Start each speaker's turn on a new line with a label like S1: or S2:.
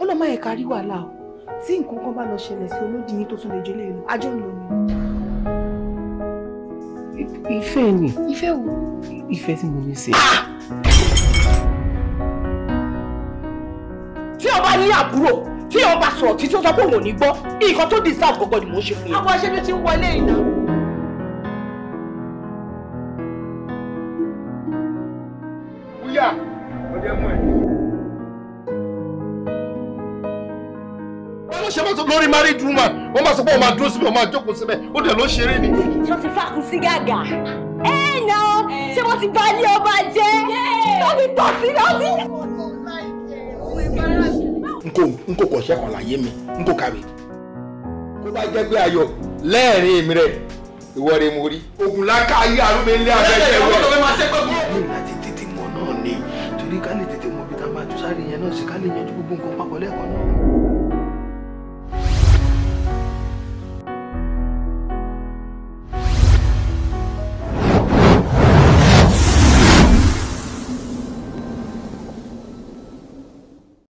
S1: ọlọ́mọ yẹn kárí wàhálà o tí nǹkan kan bá lọ ṣẹlẹ̀ sí olódì yín tó tún lè jó lè lọ ajọ́ ń lọ ni.
S2: ìfẹ́ ni. ìfẹ́ wo. ìfẹ́ tí mo ní ṣe. Ah! tí o bá ní àbúrò tí o bá sọ̀rọ̀ títí ó sọ pé òun ò
S3: ní gbọ́ nǹkan tó deserve gbogbo ni mò ń ṣe fún yín. àwọn aṣẹ́bí ti ń wọlé iná.
S4: Oya, ọdẹ mú ẹ. ṣe máa
S5: sọ lórí married woman wọ́n máa sọ pé wọ́n máa dúró síbẹ̀ wọ́n máa jókòó síbẹ̀ ó dẹ̀ ló ṣeré ni. ṣé o ti fàkù sí gàgà?
S3: ẹ ẹ nà ọ ṣé wọ́n ti bá ilé ọba jẹ́ tóbi tọ́ sí lọ́sí.
S6: nko nko kò ṣẹ́kọ̀ọ́ láyé mi nko kàwé kó bá jẹ́ pé ayọ̀ lẹ́ẹ̀rin mi rẹ̀ ìwọ rẹ̀ mo rí. ogun láká ayé arúgbó
S4: ńlẹ́ abẹ́jẹ́ rẹ̀
S7: ní ká lè tètè mọ ibi tá máa tún sáré yẹn náà sí ká lè yanjú gbogbo nǹkan papọ̀ lẹ́ẹ̀kan náà.